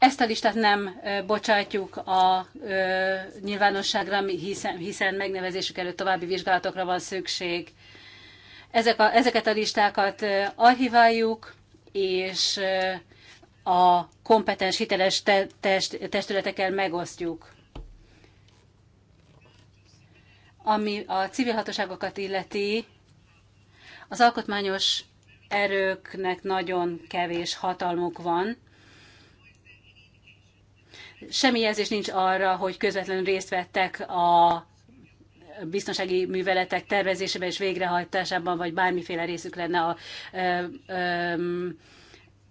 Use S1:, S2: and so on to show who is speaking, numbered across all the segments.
S1: Ezt a listát nem bocsátjuk a nyilvánosságra, hiszen, hiszen megnevezésük előtt további vizsgálatokra van szükség. Ezek a, ezeket a listákat archiváljuk, és a kompetens hiteles te, test, testületekkel megosztjuk. Ami a civil hatóságokat illeti, az alkotmányos erőknek nagyon kevés hatalmuk van, Semmi jelzés nincs arra, hogy közvetlenül részt vettek a biztonsági műveletek tervezésében és végrehajtásában, vagy bármiféle részük lenne a ö, ö,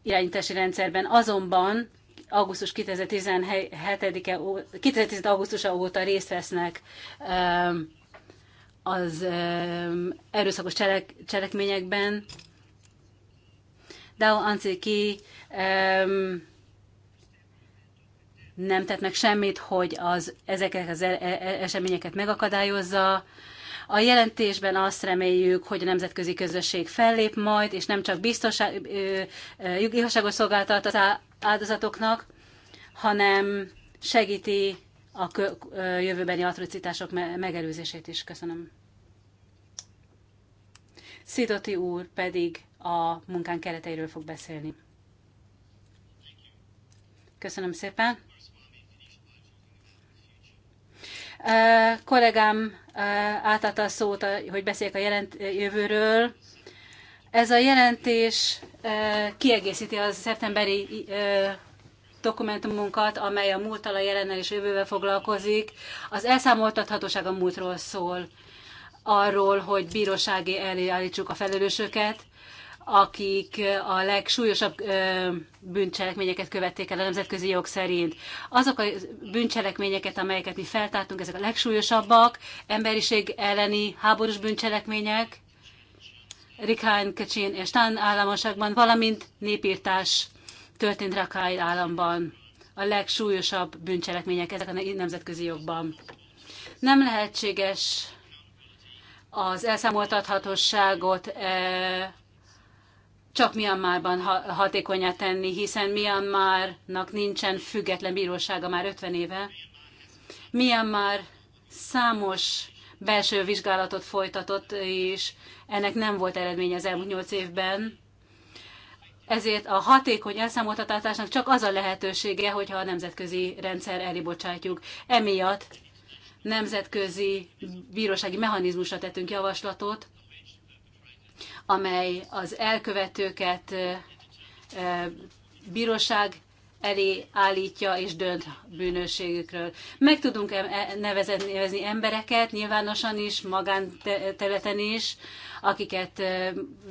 S1: irányítási rendszerben. Azonban augusztus 2017-e, 2017 augusztusa óta részt vesznek ö, az ö, erőszakos cselek, cselekményekben. Dao Anciki um, nem tett meg semmit, hogy az, ezeket az e, e, e, eseményeket megakadályozza. A jelentésben azt reméljük, hogy a nemzetközi közösség fellép majd, és nem csak biztonság, igazságos szolgáltat az áldozatoknak, hanem segíti a jövőbeni atrocitások megelőzését is. Köszönöm. Szidoti úr pedig a munkán kereteiről fog beszélni. Köszönöm szépen. Kollégám átadta a szót, hogy beszéljek a jelent, jövőről. Ez a jelentés kiegészíti a szeptemberi dokumentumunkat, amely a múlttal, a jelennel és jövővel foglalkozik. Az elszámoltathatóság a múltról szól, arról, hogy bírósági elé állítsuk a felelősöket, akik a legsúlyosabb bűncselekményeket követték el a nemzetközi jog szerint. Azok a bűncselekményeket, amelyeket mi feltártunk, ezek a legsúlyosabbak, emberiség elleni háborús bűncselekmények, Rikhán, Kacsin és Tán államoságban, valamint népírtás történt Rakály államban. A legsúlyosabb bűncselekmények ezek a nemzetközi jogban. Nem lehetséges az elszámoltathatóságot csak Myanmarban hatékonyá tenni, hiszen Myanmarnak nincsen független bírósága már 50 éve. Myanmar számos belső vizsgálatot folytatott, és ennek nem volt eredménye az elmúlt nyolc évben. Ezért a hatékony elszámoltatásnak csak az a lehetősége, hogyha a nemzetközi rendszer elé Emiatt nemzetközi bírósági mechanizmusra tettünk javaslatot, amely az elkövetőket bíróság elé állítja és dönt bűnösségükről. Meg tudunk e- nevezni embereket nyilvánosan is, magánterületen is, akiket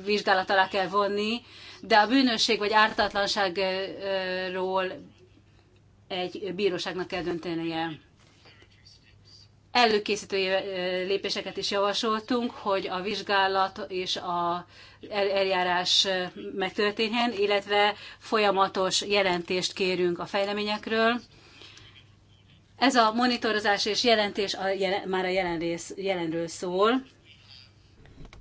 S1: vizsgálat alá kell vonni, de a bűnösség vagy ártatlanságról egy bíróságnak kell döntenie előkészítő lépéseket is javasoltunk, hogy a vizsgálat és a eljárás megtörténjen, illetve folyamatos jelentést kérünk a fejleményekről. Ez a monitorozás és jelentés a jelen, már a jelen rész, jelenről szól.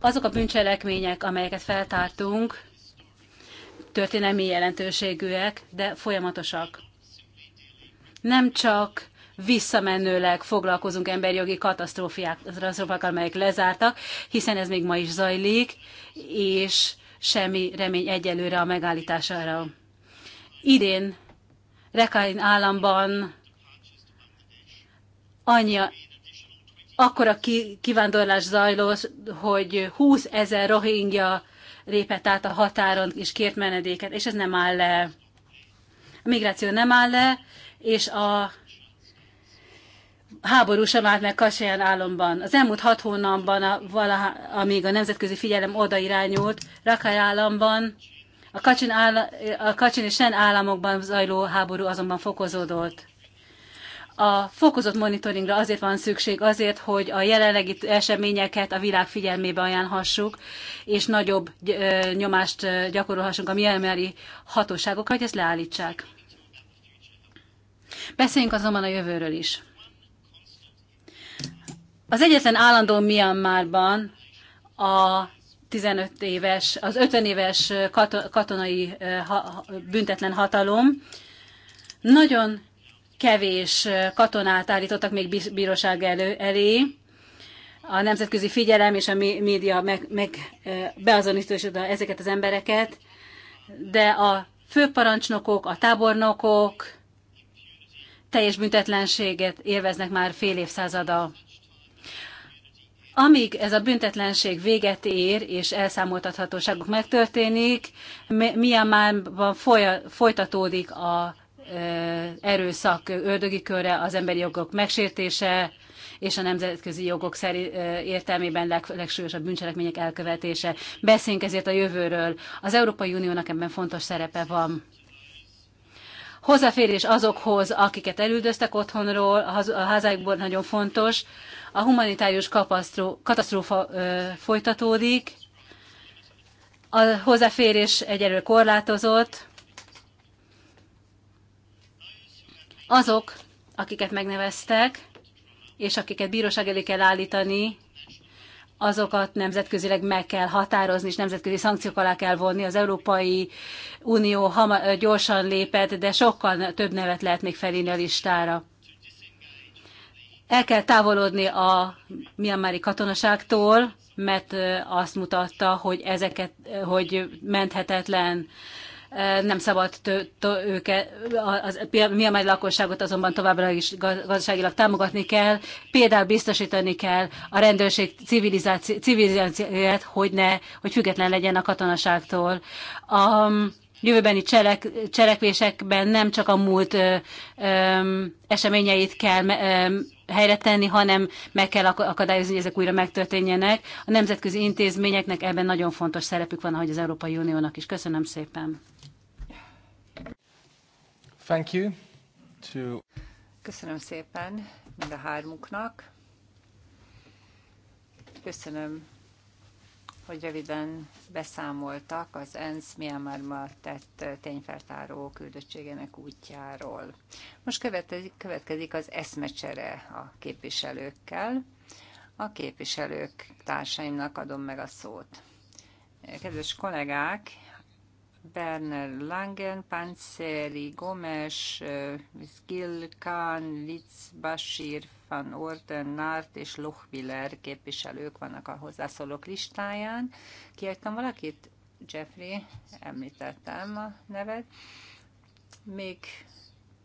S1: Azok a bűncselekmények, amelyeket feltártunk, történelmi jelentőségűek, de folyamatosak. Nem csak visszamenőleg foglalkozunk emberjogi katasztrófákkal, amelyek lezártak, hiszen ez még ma is zajlik, és semmi remény egyelőre a megállítására. Idén Rekáin államban annyi akkora kivándorlás zajlott, hogy 20 ezer rohingya lépett át a határon és kért menedéket, és ez nem áll le. A migráció nem áll le, és a háború sem állt meg Kasaján államban. Az elmúlt hat hónapban, a, valaha, amíg a nemzetközi figyelem oda irányult, Rakhai államban, a Kacsin, áll, a Kacsin és Sen államokban zajló háború azonban fokozódott. A fokozott monitoringra azért van szükség, azért, hogy a jelenlegi eseményeket a világ figyelmébe ajánlhassuk, és nagyobb nyomást gyakorolhassunk a mielmeri hatóságokra, hogy ezt leállítsák. Beszéljünk azonban a jövőről is. Az egyetlen állandó Myanmarban a 15 éves, az 50 éves katonai büntetlen hatalom. Nagyon kevés katonát állítottak még bíróság elő, elé. A nemzetközi figyelem és a média meg, meg beazonosította ezeket az embereket, de a főparancsnokok, a tábornokok teljes büntetlenséget élveznek már fél évszázada. Amíg ez a büntetlenség véget ér és elszámoltathatóságok megtörténik, Myanmarban folytatódik a erőszak ördögi körre, az emberi jogok megsértése és a nemzetközi jogok értelmében leg, legsúlyosabb bűncselekmények elkövetése. Beszéljünk ezért a jövőről. Az Európai Uniónak ebben fontos szerepe van. Hozzáférés azokhoz, akiket elüldöztek otthonról, a hazájukból nagyon fontos a humanitárius katasztrófa folytatódik, a hozzáférés egyelőre korlátozott. Azok, akiket megneveztek, és akiket bíróság elé kell állítani, azokat nemzetközileg meg kell határozni, és nemzetközi szankciók alá kell vonni. Az Európai Unió gyorsan lépett, de sokkal több nevet lehet még felírni a listára. El kell távolodni a Myanmari katonaságtól, mert azt mutatta, hogy ezeket, hogy menthetetlen, nem szabad őket, Myanmari lakosságot azonban továbbra is gazdaságilag támogatni kell, például biztosítani kell a rendőrség civilizációját, hogy ne, hogy független legyen a katonaságtól. A, jövőbeni cselek, cselekvésekben nem csak a múlt ö, ö, eseményeit kell ö, helyre tenni, hanem meg kell akadályozni, hogy ezek újra megtörténjenek. A nemzetközi intézményeknek ebben nagyon fontos szerepük van, ahogy az Európai Uniónak is. Köszönöm szépen. Thank you to...
S2: Köszönöm szépen mind a hármuknak. Köszönöm hogy röviden beszámoltak az ENSZ Myanmarba tett tényfeltáró küldöttségének útjáról. Most következik, következik az eszmecsere a képviselőkkel. A képviselők társaimnak adom meg a szót. Kedves kollégák, Berner Langen, Panseri, Gomes, Gil Khan, Litz, Bashir, van Orden, Nárt és Lochbiller képviselők vannak a hozzászólók listáján. Kiértem valakit? Jeffrey, említettem a neved. Még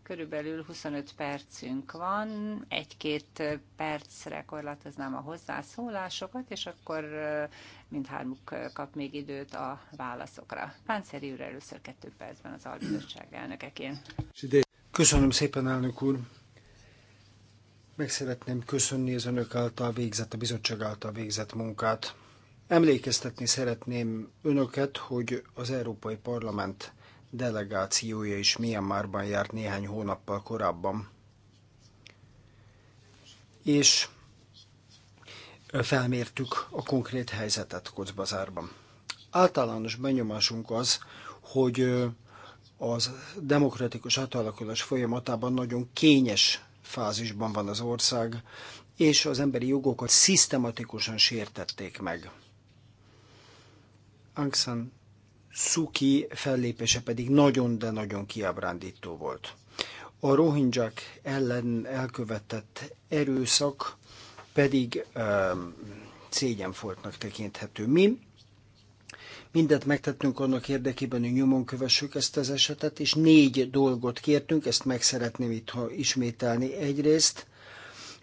S2: körülbelül 25 percünk van, egy-két percre korlátoznám a hozzászólásokat, és akkor mindhármuk kap még időt a válaszokra. Pánszeri úr először kettő percben az albizottság elnökeként.
S3: Köszönöm szépen, elnök úr! Meg szeretném köszönni az önök által végzett, a bizottság által végzett munkát. Emlékeztetni szeretném önöket, hogy az Európai Parlament delegációja is Myanmarban járt néhány hónappal korábban. És felmértük a konkrét helyzetet Kocbazárban. Általános benyomásunk az, hogy az demokratikus átalakulás folyamatában nagyon kényes fázisban van az ország, és az emberi jogokat szisztematikusan sértették meg. Aung San Suu Kyi fellépése pedig nagyon, de nagyon kiábrándító volt. A rohingyák ellen elkövetett erőszak pedig um, szégyenfoltnak tekinthető. Mi Mindent megtettünk annak érdekében, hogy nyomon kövessük ezt az esetet, és négy dolgot kértünk, ezt meg szeretném itt ismételni. Egyrészt,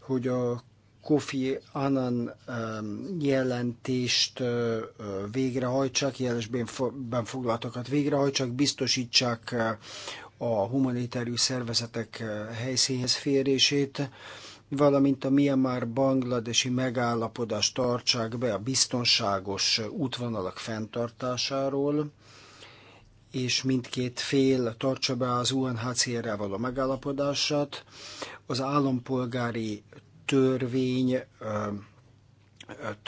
S3: hogy a Kofi Annan um, jelentést végrehajtsák, jelesben foglaltakat végrehajtsák, biztosítsák a humanitárius szervezetek helyszínhez férését, valamint a Myanmar-Bangladesi megállapodást tartsák be a biztonságos útvonalak fenntartásáról, és mindkét fél tartsa be az UNHCR-rel való megállapodását. Az állampolgári törvény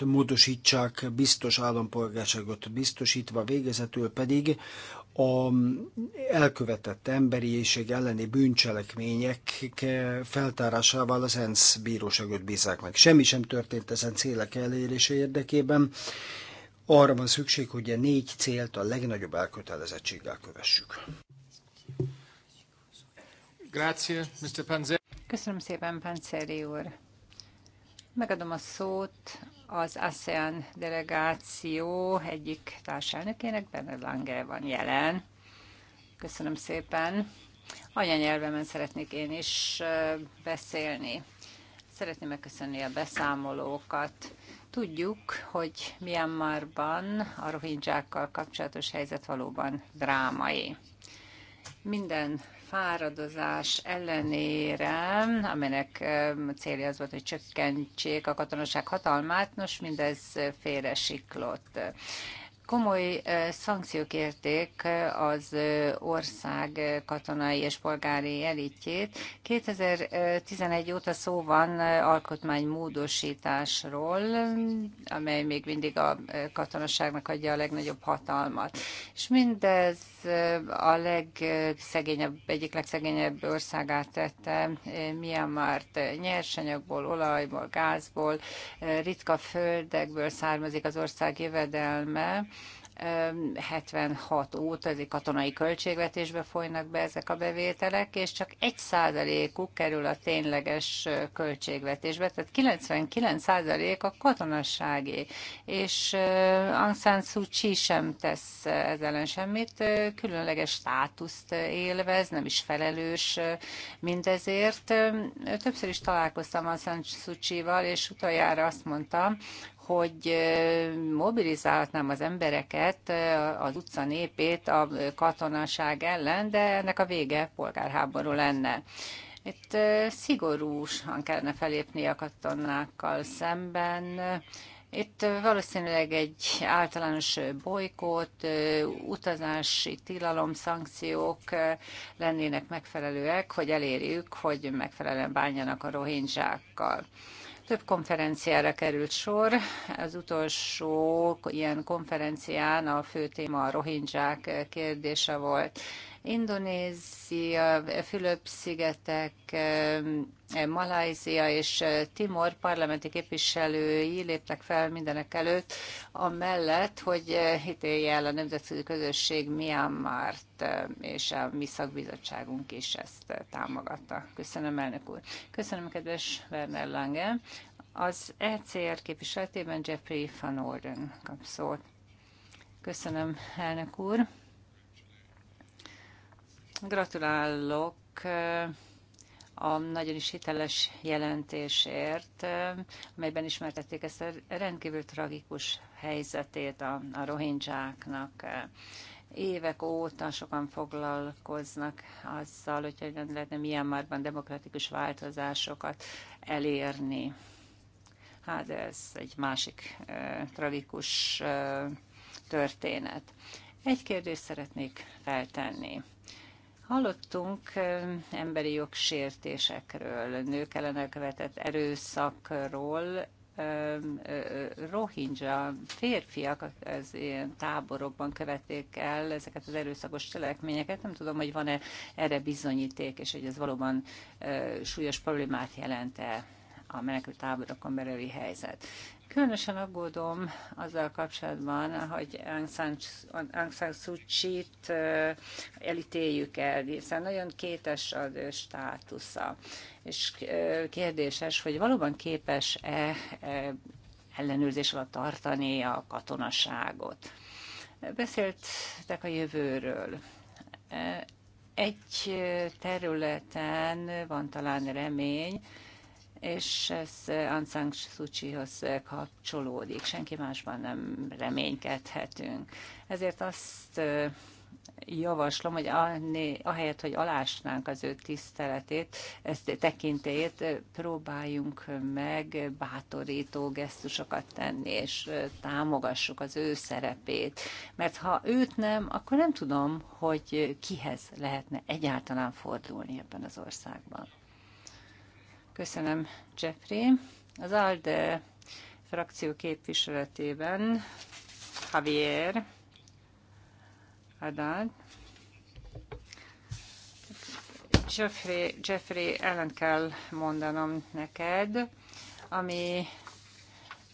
S3: módosítsák biztos állampolgárságot biztosítva, végezetül pedig a elkövetett emberiesség elleni bűncselekmények feltárásával az ENSZ bíróságot bízzák meg. Semmi sem történt ezen célek elérése érdekében. Arra van szükség, hogy a négy célt a legnagyobb elkötelezettséggel kövessük. Grazie, Mr. Panzeri.
S2: Köszönöm szépen, Panzeri úr. Megadom a szót az ASEAN delegáció egyik társelnökének, Bernard Lange van jelen. Köszönöm szépen. Anyanyelvemen szeretnék én is beszélni. Szeretném megköszönni a beszámolókat. Tudjuk, hogy Myanmarban a rohingyákkal kapcsolatos helyzet valóban drámai. Minden fáradozás ellenére, aminek célja az volt, hogy csökkentsék a katonaság hatalmát, nos mindez félre siklott komoly szankciók érték az ország katonai és polgári elitjét. 2011 óta szó van alkotmánymódosításról, amely még mindig a katonaságnak adja a legnagyobb hatalmat. És mindez a legszegényebb, egyik legszegényebb országát tette Myanmart nyersanyagból, olajból, gázból, ritka földekből származik az ország jövedelme, 76 óta ez egy katonai költségvetésbe folynak be ezek a bevételek, és csak 1 százalékuk kerül a tényleges költségvetésbe, tehát 99 százalék a katonasságé, és Aung San Suu Kyi sem tesz ezzel ellen semmit, különleges státuszt élvez, nem is felelős mindezért. Többször is találkoztam Aung San Suu Kyi-val, és utoljára azt mondtam, hogy mobilizálhatnám az embereket, az utca népét a katonaság ellen, de ennek a vége polgárháború lenne. Itt szigorúsan kellene felépni a katonákkal szemben, itt valószínűleg egy általános bolykót, utazási tilalom, szankciók lennének megfelelőek, hogy elérjük, hogy megfelelően bánjanak a rohingyákkal. Több konferenciára került sor. Az utolsó ilyen konferencián a fő téma a rohingyák kérdése volt. Indonézia, Fülöp-szigetek, Malajzia és eh, Timor parlamenti képviselői léptek fel mindenek előtt, amellett, hogy eh, ítélje el a nemzetközi közösség Myanmar-t eh, és a mi szakbizottságunk is ezt támogatta. Köszönöm, elnök úr. Köszönöm, kedves Werner Lange. Az ECR képviseletében Jeffrey Van Orden kap szót. Köszönöm, elnök úr. Gratulálok eh, a nagyon is hiteles jelentésért, eh, amelyben ismertették ezt a rendkívül tragikus helyzetét a, a rohincsáknak. Eh, évek óta sokan foglalkoznak azzal, hogy nem lehetne Myanmarban demokratikus változásokat elérni. Hát ez egy másik eh, tragikus eh, történet. Egy kérdést szeretnék feltenni. Hallottunk emberi jogsértésekről, nők ellen követett erőszakról, rohingya férfiak az ilyen táborokban követték el ezeket az erőszakos cselekményeket. Nem tudom, hogy van-e erre bizonyíték, és hogy ez valóban súlyos problémát jelent-e a menekült táborokon belüli helyzet. Különösen aggódom azzal kapcsolatban, hogy Aung San Suu Kyi-t elítéljük el, hiszen nagyon kétes az ő státusza. És kérdéses, hogy valóban képes-e ellenőrzés alatt tartani a katonaságot. Beszéltek a jövőről. Egy területen van talán remény, és ez Aung San Suu kyi kapcsolódik. Senki másban nem reménykedhetünk. Ezért azt javaslom, hogy ahelyett, hogy alásnánk az ő tiszteletét, ezt tekintélyét, próbáljunk meg bátorító gesztusokat tenni, és támogassuk az ő szerepét. Mert ha őt nem, akkor nem tudom, hogy kihez lehetne egyáltalán fordulni ebben az országban. Köszönöm, Jeffrey. Az ALDE frakció képviseletében Javier Haddad. Jeffrey, Jeffrey, ellen kell mondanom neked, ami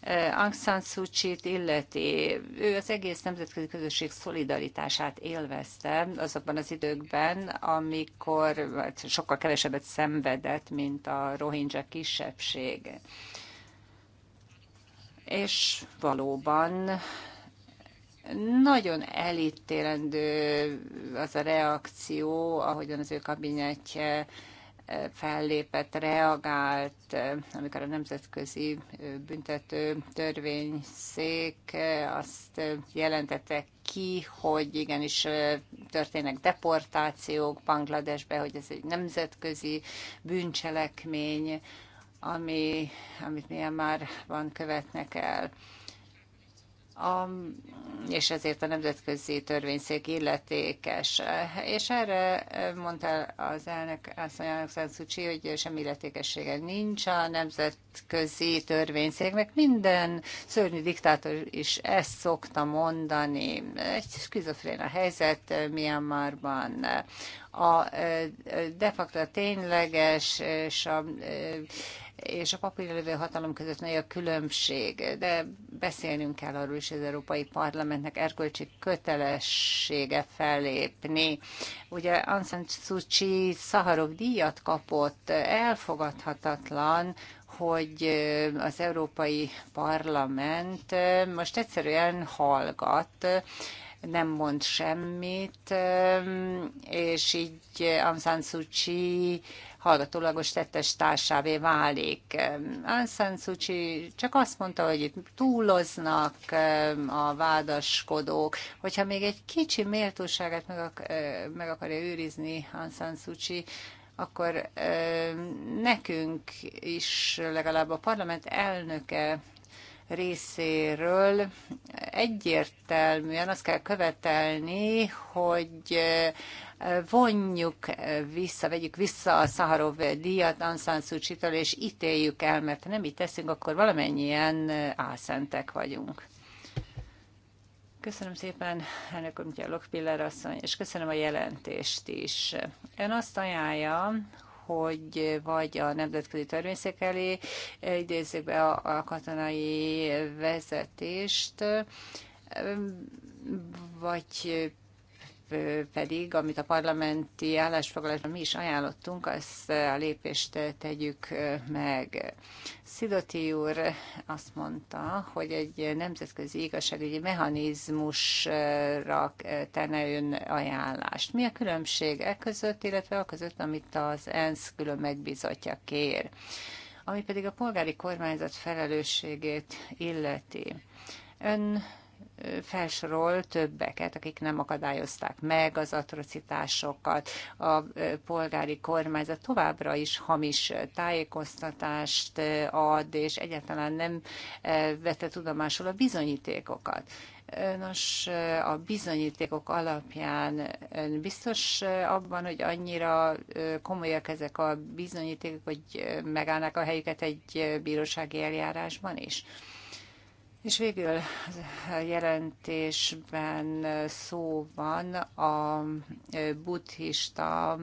S2: Eh, Aung San Suu Kyi-t illeti. Ő az egész nemzetközi közösség szolidaritását élvezte azokban az időkben, amikor hát, sokkal kevesebbet szenvedett, mint a rohingya kisebbség. És valóban nagyon elítélendő az a reakció, ahogyan az ő kabinetje fellépett, reagált, amikor a Nemzetközi Büntető Törvényszék azt jelentette ki, hogy igenis történnek deportációk Bangladesbe, hogy ez egy nemzetközi bűncselekmény, ami, amit milyen már van követnek el a, és ezért a nemzetközi törvényszék illetékes. És erre mondta az elnök, azt mondja elnök Szancucsi, hogy semmi illetékessége nincs a nemzetközi törvényszéknek. Minden szörnyű diktátor is ezt szokta mondani. Egy skizofrén a helyzet Myanmarban. A de facto a tényleges és a és a papírra lévő hatalom között nagy a különbség, de beszélnünk kell arról is, hogy az Európai Parlamentnek erkölcsi kötelessége fellépni. Ugye Ansan San Szaharov díjat kapott, elfogadhatatlan, hogy az Európai Parlament most egyszerűen hallgat, nem mond semmit, és így Aung San Suu Kyi hallgatólagos tettes társávé válik. Aung San csak azt mondta, hogy itt túloznak a vádaskodók. Hogyha még egy kicsi méltóságát meg, meg akarja őrizni Aung San Suu akkor ö, nekünk is legalább a parlament elnöke részéről egyértelműen azt kell követelni, hogy eh, vonjuk vissza, vegyük vissza a Szaharov díjat Ansan Suu és ítéljük el, mert ha nem így teszünk, akkor valamennyien álszentek vagyunk. Köszönöm szépen, elnök úr, Lokpiller asszony, és köszönöm a jelentést is. Ön azt ajánlja, hogy vagy a nemzetközi törvényszék elé eh, idézzük be a, a katonai vezetést, eh, vagy pedig, amit a parlamenti állásfoglalásban mi is ajánlottunk, azt a lépést tegyük meg. Szidoti úr azt mondta, hogy egy nemzetközi igazságügyi mechanizmusra tenne ön ajánlást. Mi a különbség e között, illetve a között, amit az ENSZ külön megbizotja kér? Ami pedig a polgári kormányzat felelősségét illeti. Ön felsorol többeket, akik nem akadályozták meg az atrocitásokat, a polgári kormányzat továbbra is hamis tájékoztatást ad, és egyáltalán nem vette tudomásul a bizonyítékokat. Nos, a bizonyítékok alapján ön biztos abban, hogy annyira komolyak ezek a bizonyítékok, hogy megállnak a helyüket egy bírósági eljárásban is? És végül a jelentésben szó van a buddhista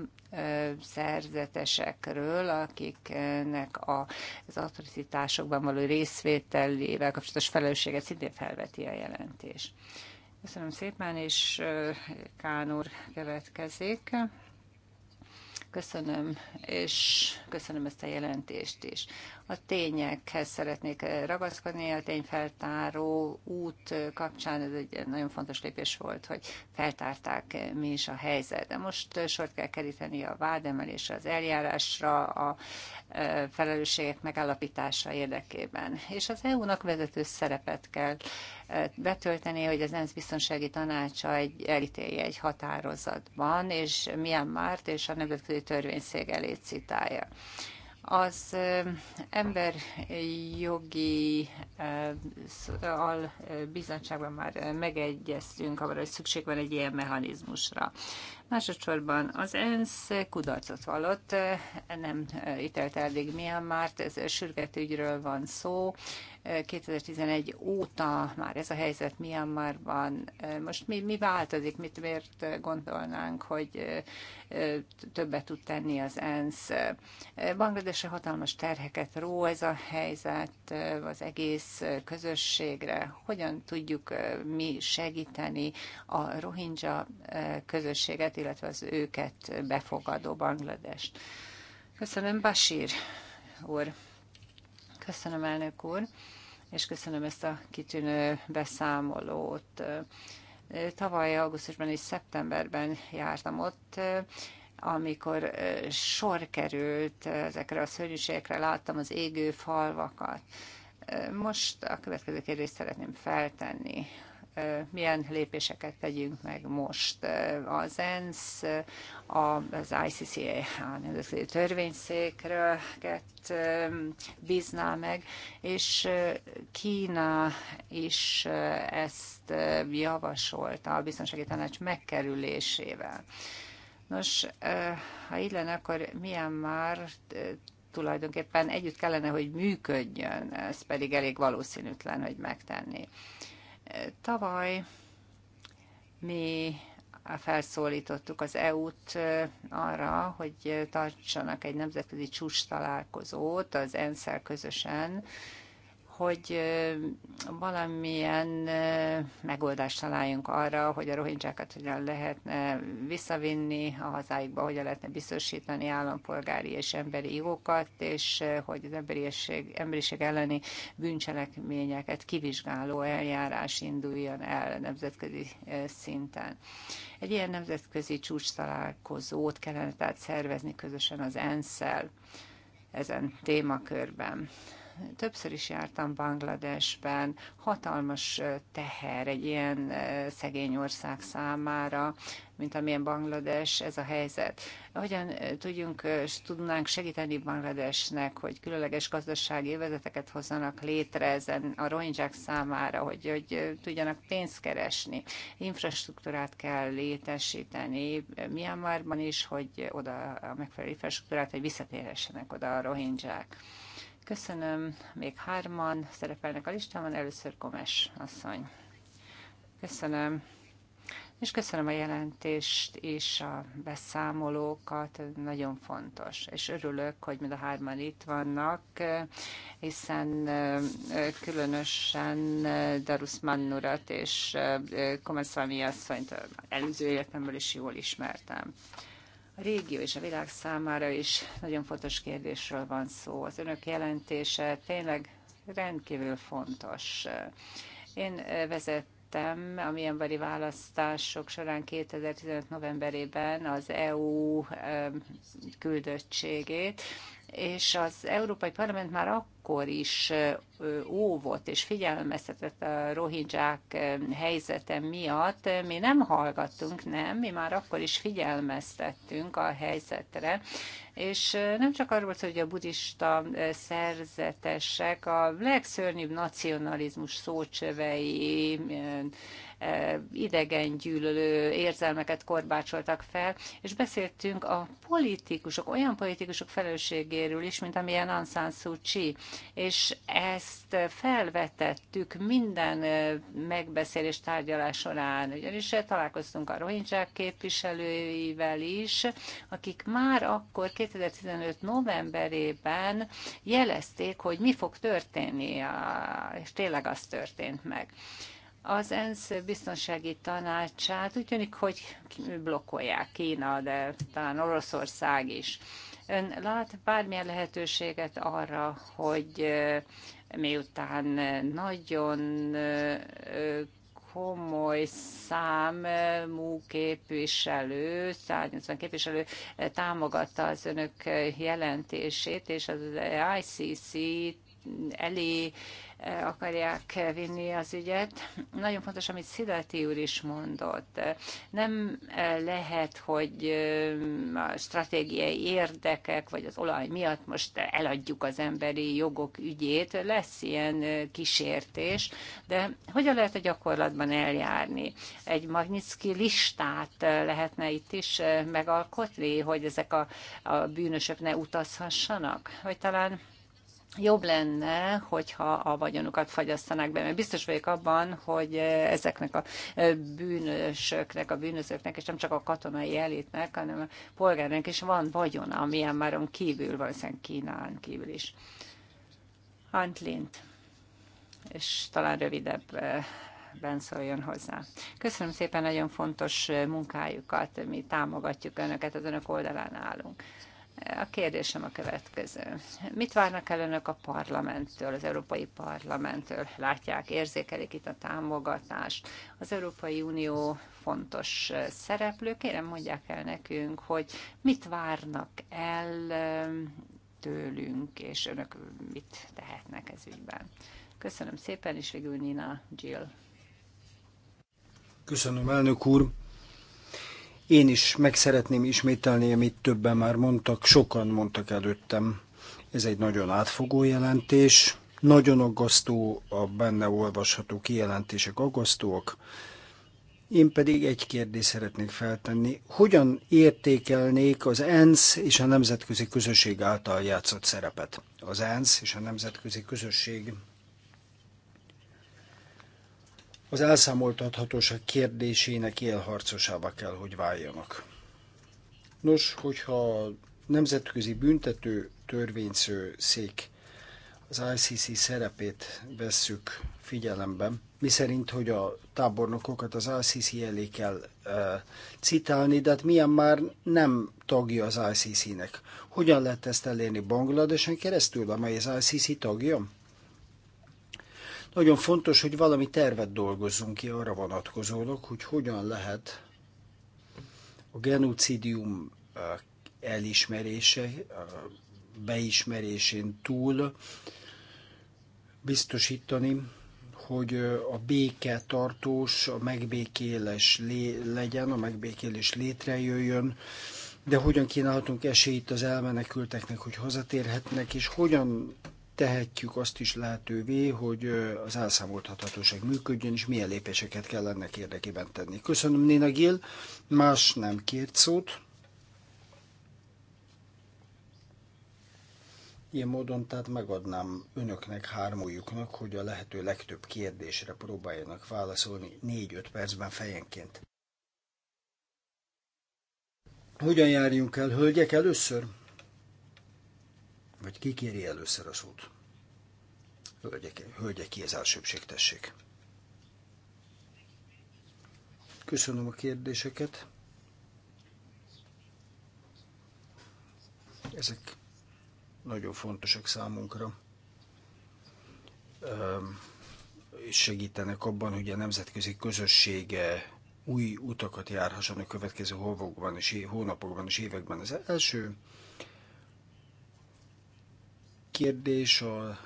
S2: szerzetesekről, akiknek az atrocitásokban való részvételével kapcsolatos felelősséget szintén felveti a jelentés. Köszönöm szépen, és Kán úr következik. Köszönöm, és köszönöm ezt a jelentést is. A tényekhez szeretnék eh, ragaszkodni, a tényfeltáró út kapcsán ez egy nagyon fontos lépés volt, hogy feltárták eh, mi is a helyzet. De most eh, sort kell keríteni a vádemelésre, az eljárásra, a felelősségek megállapítása érdekében. És az EU-nak vezető szerepet kell betölteni, hogy az ENSZ biztonsági tanácsa egy, elítélje egy határozatban, és milyen Márt és a nemzetközi törvényszég elé citálja az emberjogi bizottságban már megegyeztünk arra, hogy szükség van egy ilyen mechanizmusra. Másodszorban az ENSZ kudarcot vallott, nem ítelt eddig Myanmart, ez ügyről van szó. 2011 óta már ez a helyzet Myanmarban. Most mi, mi változik, mit miért gondolnánk, hogy többet tud tenni az ENSZ? Bangladesh cégekre hatalmas terheket ró ez a helyzet az egész közösségre. Hogyan tudjuk mi segíteni a rohingya közösséget, illetve az őket befogadó Bangladest? Köszönöm, Basír úr. Köszönöm, elnök úr, és köszönöm ezt a kitűnő beszámolót. Tavaly augusztusban és szeptemberben jártam ott, amikor sor került ezekre a szörnyűségekre, láttam az égő falvakat. Most a következő kérdést szeretném feltenni milyen lépéseket tegyünk meg most. Az ENSZ, az ICCA, a Nemzetközi Törvényszékről bízná meg, és Kína is ezt javasolta a biztonsági tanács megkerülésével. Nos, ha így lenne, akkor milyen már tulajdonképpen együtt kellene, hogy működjön, ez pedig elég valószínűtlen, hogy megtenni. Tavaly mi felszólítottuk az EU-t arra, hogy tartsanak egy nemzetközi csúcs találkozót az ensz közösen, hogy valamilyen megoldást találjunk arra, hogy a rohincsákat hogyan lehetne visszavinni a hazáikba, hogyan lehetne biztosítani állampolgári és emberi jogokat, és hogy az emberiség, emberiség elleni bűncselekményeket kivizsgáló eljárás induljon el nemzetközi szinten. Egy ilyen nemzetközi csúcs találkozót kellene tehát szervezni közösen az ensz el ezen témakörben. Többször is jártam Bangladesben, hatalmas teher egy ilyen szegény ország számára, mint amilyen Banglades, ez a helyzet. Hogyan tudjunk, tudnánk segíteni Bangladesnek, hogy különleges gazdasági övezeteket hozzanak létre ezen a rohingyák számára, hogy, hogy tudjanak pénzt keresni. Infrastruktúrát kell létesíteni Myanmarban is, hogy oda a megfelelő infrastruktúrát, hogy visszatérhessenek oda a rohingyák. Köszönöm. Még hárman szerepelnek a listámon. Először Komes asszony. Köszönöm. És köszönöm a jelentést és a beszámolókat, nagyon fontos. És örülök, hogy mind a hárman itt vannak, hiszen különösen Darus Mannurat és Komeszámi asszonyt előző életemből is jól ismertem a régió és a világ számára is nagyon fontos kérdésről van szó. Az önök jelentése tényleg rendkívül fontos. Én eh, vezet a ami emberi választások során 2015. novemberében az EU eh, küldöttségét, és az Európai Parlament már akkor akkor is óvott és figyelmeztetett a rohingyák helyzete miatt. Mi nem hallgattunk, nem, mi már akkor is figyelmeztettünk a helyzetre, és nem csak arról hogy a buddhista szerzetesek a legszörnyűbb nacionalizmus szócsövei, idegen gyűlölő érzelmeket korbácsoltak fel, és beszéltünk a politikusok, olyan politikusok felelősségéről is, mint amilyen Aung San Suu Kyi és ezt felvetettük minden megbeszélés tárgyalás során, ugyanis találkoztunk a rohingyák képviselőivel is, akik már akkor 2015 novemberében jelezték, hogy mi fog történni, és tényleg az történt meg az ENSZ biztonsági tanácsát úgy tűnik, hogy blokkolják Kína, de talán Oroszország is. Ön lát bármilyen lehetőséget arra, hogy miután nagyon komoly számú képviselő, 180 képviselő támogatta az önök jelentését, és az ICC elé eh, akarják vinni az ügyet. Nagyon fontos, amit Szilati úr is mondott. Nem eh, lehet, hogy eh, a stratégiai érdekek, vagy az olaj miatt most eladjuk az emberi jogok ügyét. Lesz ilyen kísértés, de hogyan lehet a gyakorlatban eljárni? Egy Magnitsky listát lehetne itt is megalkotni, hogy ezek a, a bűnösök ne utazhassanak? Vagy talán jobb lenne, hogyha a vagyonukat fagyasztanák be, mert biztos vagyok abban, hogy ezeknek a bűnösöknek, a bűnözőknek, és nem csak a katonai elitnek, hanem a polgárnak is van vagyona, ami már kívül, valószínűleg Kínán kívül is. Antlint, és talán rövidebb ben szóljon hozzá. Köszönöm szépen nagyon fontos munkájukat, mi támogatjuk Önöket, az Önök oldalán állunk. A kérdésem a következő. Mit várnak el önök a parlamenttől, az Európai Parlamenttől? Látják, érzékelik itt a támogatást. Az Európai Unió fontos szereplő. Kérem, mondják el nekünk, hogy mit várnak el um, tőlünk, és önök mit tehetnek ez ügyben. Köszönöm szépen, és végül Nina Jill.
S3: Köszönöm, elnök úr. Én is meg szeretném ismételni, amit többen már mondtak, sokan mondtak előttem. Ez egy nagyon átfogó jelentés, nagyon aggasztó, a benne olvasható kijelentések aggasztóak. Én pedig egy kérdést szeretnék feltenni. Hogyan értékelnék az ENSZ és a nemzetközi közösség által játszott szerepet? Az ENSZ és a nemzetközi közösség az elszámoltathatóság kérdésének élharcosába kell, hogy váljanak. Nos, hogyha nemzetközi büntető törvénysző szék az ICC szerepét vesszük figyelembe, szerint, hogy a tábornokokat az ICC elé kell e, citálni, de hát milyen már nem tagja az ICC-nek. Hogyan lehet ezt elérni Bangladesen keresztül, amely az ICC tagja? Nagyon fontos, hogy valami tervet dolgozzunk ki arra vonatkozólag, hogy hogyan lehet a genocidium eh, elismerése, eh, beismerésén túl biztosítani, hogy eh, a béke tartós, a megbékélés lé, legyen, a megbékélés létrejöjjön, de hogyan kínálhatunk esélyt az elmenekülteknek, hogy hazatérhetnek, és hogyan tehetjük azt is lehetővé, hogy az elszámolthatatóság működjön, és milyen lépéseket kell ennek érdekében tenni. Köszönöm, Néna Gil. Más nem kért szót. Ilyen módon tehát megadnám önöknek, hármójuknak, hogy a lehető legtöbb kérdésre próbáljanak válaszolni 4-5 percben fejenként. Hogyan járjunk el, hölgyek, először? Vagy ki kéri először a szót? Hölgyek, ki az elsőbség, tessék. Köszönöm a kérdéseket. Ezek nagyon fontosak számunkra. És segítenek abban, hogy a nemzetközi közössége új utakat járhasson a következő hónapokban és, hónapokban és években. Az e- első kérdés a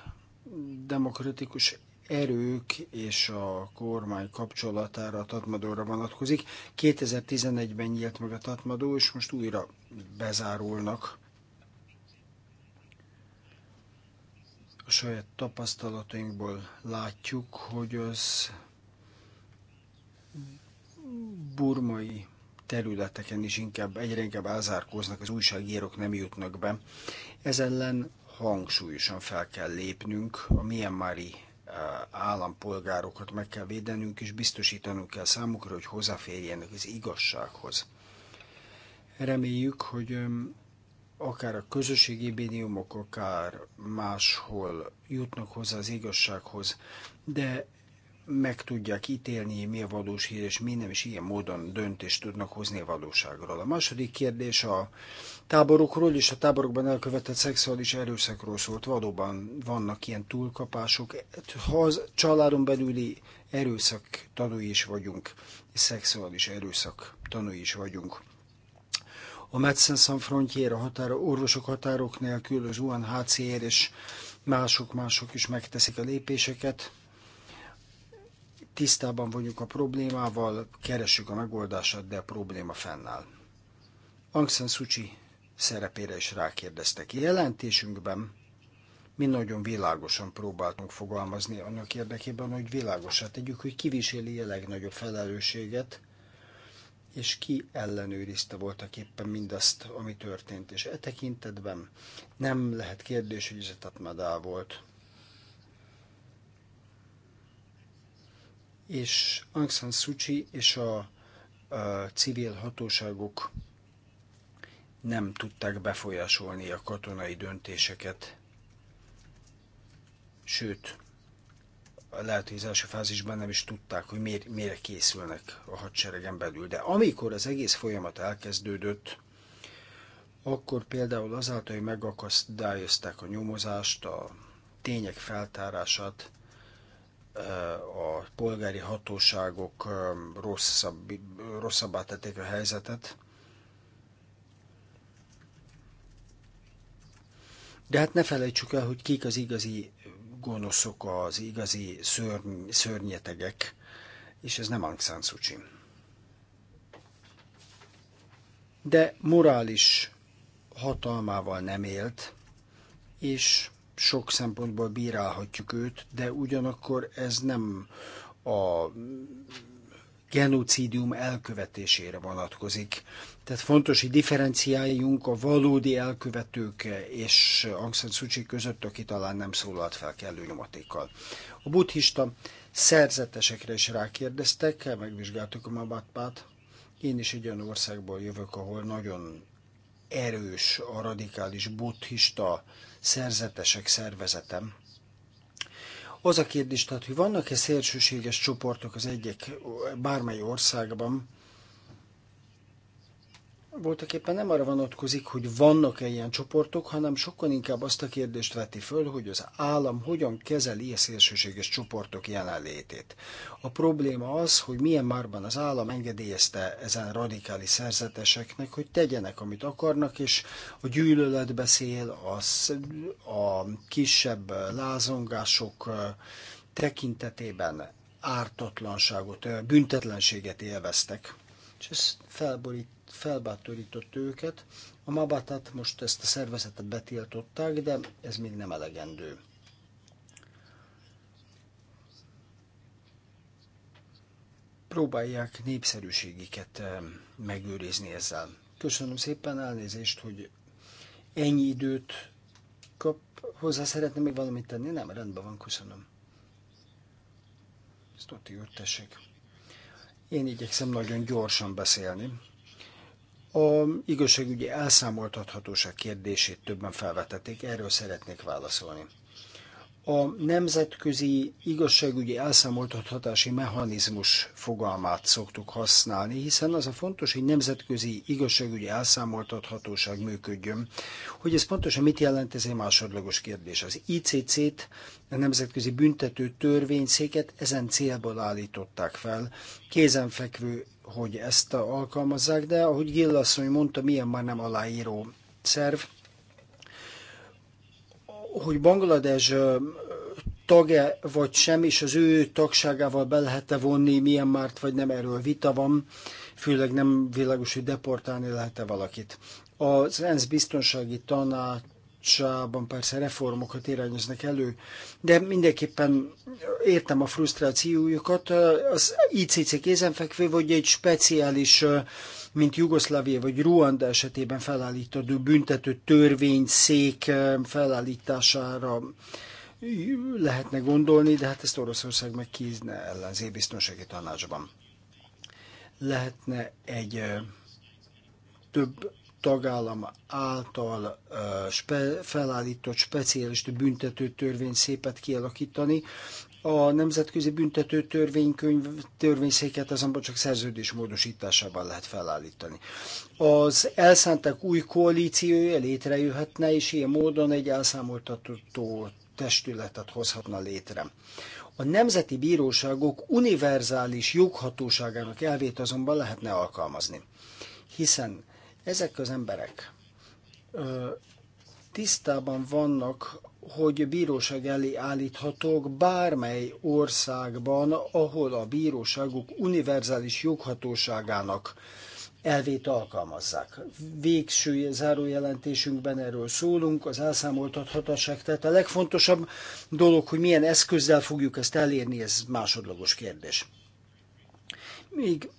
S3: demokratikus erők és a kormány kapcsolatára a Tatmadóra vonatkozik. 2011-ben nyílt meg a Tatmadó, és most újra bezárulnak. A saját tapasztalatainkból látjuk, hogy az burmai területeken is inkább, egyre inkább elzárkóznak, az újságírók nem jutnak be. Ez ellen hangsúlyosan fel kell lépnünk, a Myanmari eh, állampolgárokat meg kell védenünk, és biztosítanunk kell számukra, hogy hozzáférjenek az igazsághoz. Reméljük, hogy akár a közösségi médiumok, akár máshol jutnak hozzá az igazsághoz, de meg tudják ítélni, mi a valós hír, és mi nem, és ilyen módon döntést tudnak hozni a valóságról. A második kérdés a táborokról és a táborokban elkövetett szexuális erőszakról szólt. Valóban vannak ilyen túlkapások. Ha az családon belüli erőszak tanúi is vagyunk, és szexuális erőszak tanúi is vagyunk. A Medecins Sans Frontier, a határa, orvosok határok nélkül, az UNHCR és mások-mások is megteszik a lépéseket tisztában vagyunk a problémával, keresünk a megoldását, de a probléma fennáll. Aung San Suu Kyi szerepére is rákérdeztek. Jelentésünkben mi nagyon világosan próbáltunk fogalmazni annak érdekében, hogy világosá tegyük, hogy kiviséli a legnagyobb felelősséget, és ki ellenőrizte voltak éppen mindazt, ami történt. És e tekintetben nem lehet kérdés, hogy ez a volt. és Aung San Suu Kyi és a, a civil hatóságok nem tudták befolyásolni a katonai döntéseket, sőt, lehet, hogy az első fázisban nem is tudták, hogy miért, miért készülnek a hadseregen belül. De amikor az egész folyamat elkezdődött, akkor például azáltal, hogy megakasztályozták a nyomozást, a tények feltárását, a polgári hatóságok rosszabb, rosszabbá tették a helyzetet. De hát ne felejtsük el, hogy kik az igazi gonoszok, az igazi szörny, szörnyetegek, és ez nem Aung San Suu Kyi. De morális hatalmával nem élt, és sok szempontból bírálhatjuk őt, de ugyanakkor ez nem a genocidium elkövetésére vonatkozik. Tehát fontos, hogy differenciáljunk a valódi elkövetők és Aung San Suu Kyi között, aki talán nem szólalt fel kellő nyomatékkal. A buddhista szerzetesekre is rákérdeztek, megvizsgáltuk a Mabatpát. Én is egy olyan országból jövök, ahol nagyon erős a radikális buddhista szerzetesek szervezetem. Az a kérdés, tehát, hogy vannak-e szélsőséges csoportok az egyik bármely országban, voltak éppen nem arra vonatkozik, hogy vannak-e ilyen csoportok, hanem sokkal inkább azt a kérdést veti föl, hogy az állam hogyan kezeli a szélsőséges csoportok jelenlétét. A probléma az, hogy milyen márban az állam engedélyezte ezen radikális szerzeteseknek, hogy tegyenek, amit akarnak, és a gyűlöletbeszél, az, a kisebb lázongások tekintetében ártatlanságot, büntetlenséget élveztek és ez felborít, felbátorított őket. A Mabatát most ezt a szervezetet betiltották, de ez még nem elegendő. Próbálják népszerűségiket eh, megőrizni ezzel. Köszönöm szépen, elnézést, hogy ennyi időt kap. Hozzá Szeretném még valamit tenni? Nem, rendben van, köszönöm. Ezt ott tessék. Én igyekszem nagyon gyorsan beszélni. A igazságügyi elszámoltathatóság kérdését többen felvetették, erről szeretnék válaszolni a nemzetközi igazságügyi elszámoltathatási mechanizmus fogalmát szoktuk használni, hiszen az a fontos, hogy nemzetközi igazságügyi elszámoltathatóság működjön. Hogy ez pontosan mit jelent, ez egy másodlagos kérdés. Az ICC-t, a Nemzetközi Büntető Törvényszéket ezen célból állították fel. Kézenfekvő, hogy ezt alkalmazzák, de ahogy Gillasszony mondta, milyen már nem aláíró szerv, hogy Banglades tag-e vagy sem, és az ő tagságával be lehet-e vonni Myanmart, vagy nem, erről vita van, főleg nem világos, hogy deportálni lehet-e valakit. Az ENSZ biztonsági tanács bizottságban persze reformokat irányoznak elő, de mindenképpen értem a frusztrációjukat. Az ICC kézenfekvő, vagy egy speciális, mint Jugoszlávia vagy Ruanda esetében felállított büntető törvényszék felállítására lehetne gondolni, de hát ezt Oroszország meg kízne ellenzé tanácsban. Lehetne egy több tagállam által spe, felállított speciális büntető törvény szépet kialakítani. A nemzetközi büntető törvénykönyv törvényszéket azonban csak szerződés módosításában lehet felállítani. Az elszántak új koalíciója létrejöhetne, és ilyen módon egy elszámoltató testületet hozhatna létre. A nemzeti bíróságok univerzális joghatóságának elvét azonban lehetne alkalmazni, hiszen ezek az emberek tisztában vannak, hogy bíróság elé állíthatók bármely országban, ahol a bíróságuk univerzális joghatóságának elvét alkalmazzák. Végső zárójelentésünkben erről szólunk, az elszámoltathatóság, tehát a legfontosabb dolog, hogy milyen eszközzel fogjuk ezt elérni, ez másodlagos kérdés. Még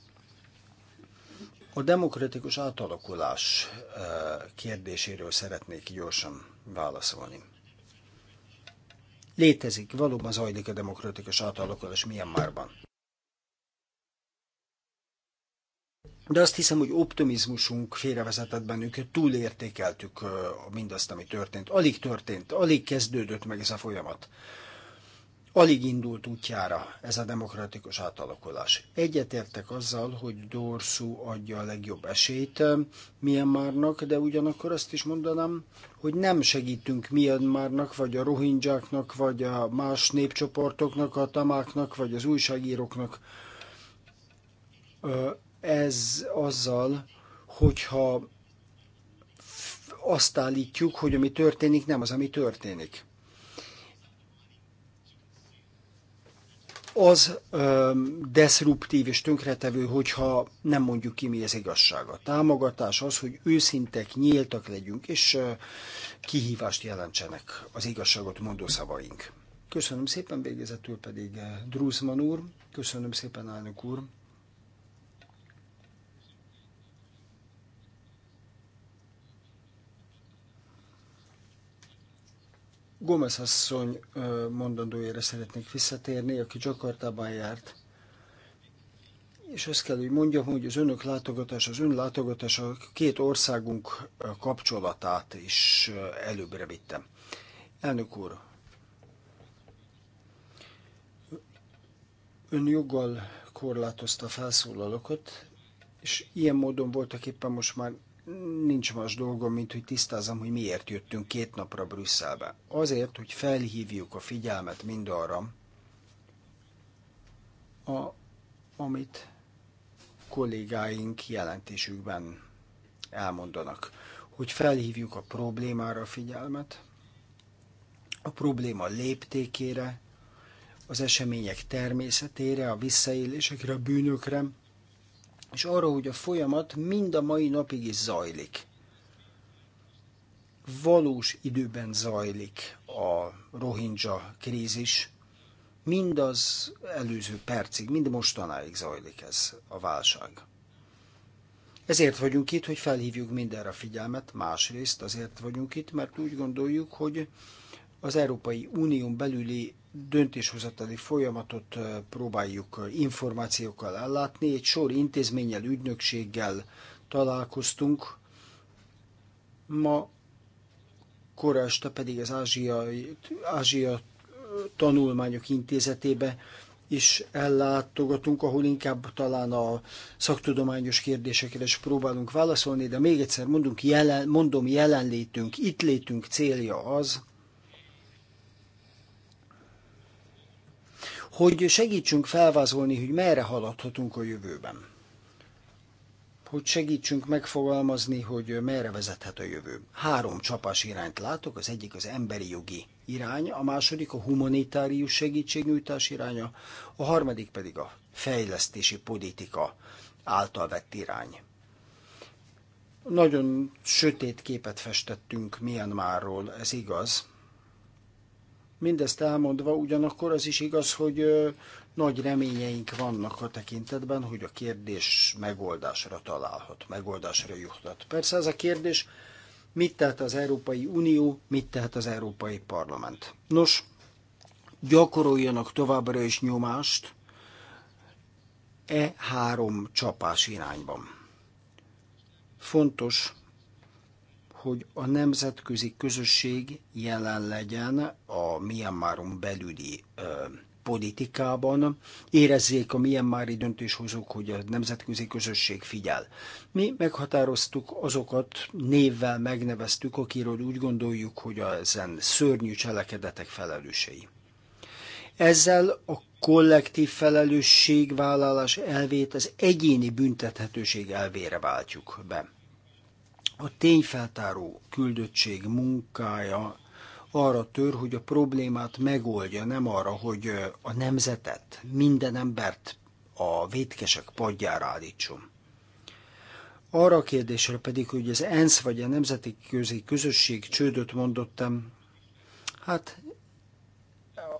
S3: a demokratikus átalakulás eh, kérdéséről szeretnék gyorsan válaszolni. Létezik, valóban zajlik a demokratikus átalakulás milyen márban. De azt hiszem, hogy optimizmusunk félrevezetett bennünket, túlértékeltük eh, mindazt, ami történt. Alig történt, alig kezdődött meg ez a folyamat alig indult útjára ez a demokratikus átalakulás. Egyetértek azzal, hogy Dorsu adja a legjobb esélyt eh, Myanmarnak, de ugyanakkor azt is mondanám, hogy nem segítünk Myanmarnak, vagy a rohingyáknak, vagy a más népcsoportoknak, a tamáknak, vagy az újságíróknak eh, ez azzal, hogyha azt állítjuk, hogy ami történik, nem az, ami történik az ö, deszruptív és tönkretevő, hogyha nem mondjuk ki, mi az igazság. A támogatás az, hogy őszintek, nyíltak legyünk, és ö, kihívást jelentsenek az igazságot mondó szavaink. Köszönöm szépen, végezetül pedig Drúzman úr, köszönöm szépen, elnök úr, Gomez asszony mondandójára szeretnék visszatérni, aki Jakartában járt, és azt kell, hogy mondjam, hogy az önök látogatás, az ön látogatás a két országunk kapcsolatát is előbbre vittem. Elnök úr, ön joggal korlátozta a felszólalókat, és ilyen módon voltak éppen most már nincs más dolgom, mint hogy tisztázom, hogy miért jöttünk két napra Brüsszelbe. Azért, hogy felhívjuk a figyelmet mindarra, a, amit kollégáink jelentésükben elmondanak. Hogy felhívjuk a problémára a figyelmet, a probléma léptékére, az események természetére, a visszaélésekre, a bűnökre, és arra, hogy a folyamat mind a mai napig is zajlik. Valós időben zajlik a Rohingya krízis, mind az előző percig, mind mostanáig zajlik ez a válság. Ezért vagyunk itt, hogy felhívjuk mindenre a figyelmet, másrészt azért vagyunk itt, mert úgy gondoljuk, hogy az Európai Unión belüli döntéshozatali folyamatot próbáljuk információkkal ellátni. Egy sor intézménnyel, ügynökséggel találkoztunk. Ma kora este pedig az Ázsia, Ázsia Tanulmányok Intézetébe is ellátogatunk, ahol inkább talán a szaktudományos kérdésekre is próbálunk válaszolni, de még egyszer mondunk, jelen, mondom, jelenlétünk, itt létünk célja az, hogy segítsünk felvázolni, hogy merre haladhatunk a jövőben. Hogy segítsünk megfogalmazni, hogy merre vezethet a jövő. Három csapás irányt látok, az egyik az emberi jogi irány, a második a humanitárius segítségnyújtás iránya, a harmadik pedig a fejlesztési politika által vett irány. Nagyon sötét képet festettünk Myanmarról, ez igaz, Mindezt elmondva ugyanakkor az is igaz, hogy nagy reményeink vannak a tekintetben, hogy a kérdés megoldásra találhat, megoldásra juthat. Persze ez a kérdés, mit tehet az Európai Unió, mit tehet az Európai Parlament. Nos, gyakoroljanak továbbra is nyomást e három csapás irányban. Fontos, hogy a nemzetközi közösség jelen legyen a Myanmaron belüli ö, politikában, érezzék a Myanmari döntéshozók, hogy a nemzetközi közösség figyel. Mi meghatároztuk azokat, névvel megneveztük, akiről úgy gondoljuk, hogy ezen szörnyű cselekedetek felelősei. Ezzel a kollektív felelősségvállalás elvét az egyéni büntethetőség elvére váltjuk be. A tényfeltáró küldöttség munkája arra tör, hogy a problémát megoldja, nem arra, hogy a nemzetet, minden embert a vétkesek padjára állítson. Arra a kérdésre pedig, hogy az ENSZ vagy a Nemzeti Közé Közösség csődöt mondottam, hát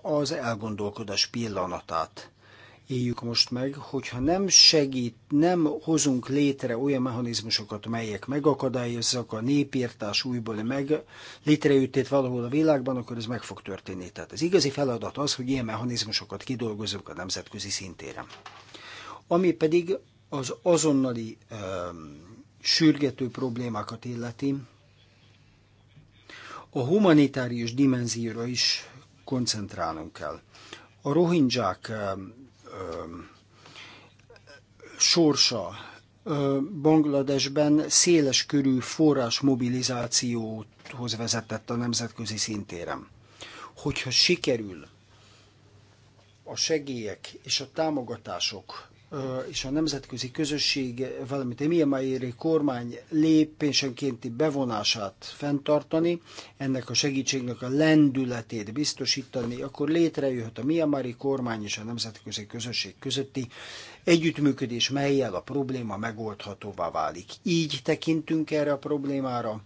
S3: az elgondolkodás pillanatát éljük most meg, hogyha nem segít, nem hozunk létre olyan mechanizmusokat, melyek megakadályozzak a népírtás újból meg létrejöttét valahol a világban, akkor ez meg fog történni. Tehát az igazi feladat az, hogy ilyen mechanizmusokat kidolgozzuk a nemzetközi szintére. Ami pedig az azonnali um, sürgető problémákat illeti, a humanitárius dimenzióra is koncentrálnunk kell. A rohingyák sorsa Bangladesben széles körű forrás mobilizációhoz vezetett a nemzetközi szintéren. Hogyha sikerül a segélyek és a támogatások és a nemzetközi közösség, valamint a Miemáéri kormány lépésenkénti bevonását fenntartani, ennek a segítségnek a lendületét biztosítani, akkor létrejöhet a Miemári kormány és a nemzetközi közösség közötti együttműködés, melyel a probléma megoldhatóvá válik. Így tekintünk erre a problémára,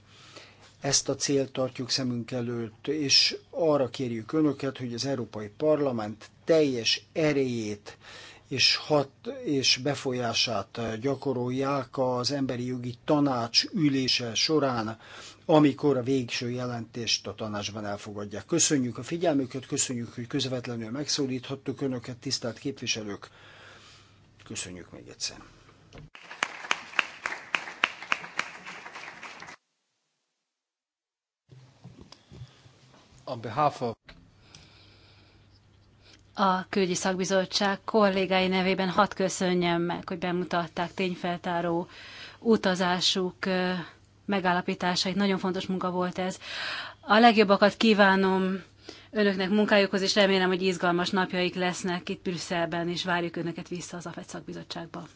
S3: ezt a célt tartjuk szemünk előtt, és arra kérjük Önöket, hogy az Európai Parlament teljes erejét és, hat, és befolyását gyakorolják az emberi jogi tanács ülése során, amikor a végső jelentést a tanácsban elfogadják. Köszönjük a figyelmüket, köszönjük, hogy közvetlenül megszólíthattuk Önöket, tisztelt képviselők. Köszönjük még egyszer. On behalf of
S1: a külügyi szakbizottság kollégái nevében hat köszönjem meg, hogy bemutatták tényfeltáró utazásuk megállapításait. Nagyon fontos munka volt ez. A legjobbakat kívánom önöknek munkájukhoz, és remélem, hogy izgalmas napjaik lesznek itt Brüsszelben, és várjuk önöket vissza az AFET szakbizottságba.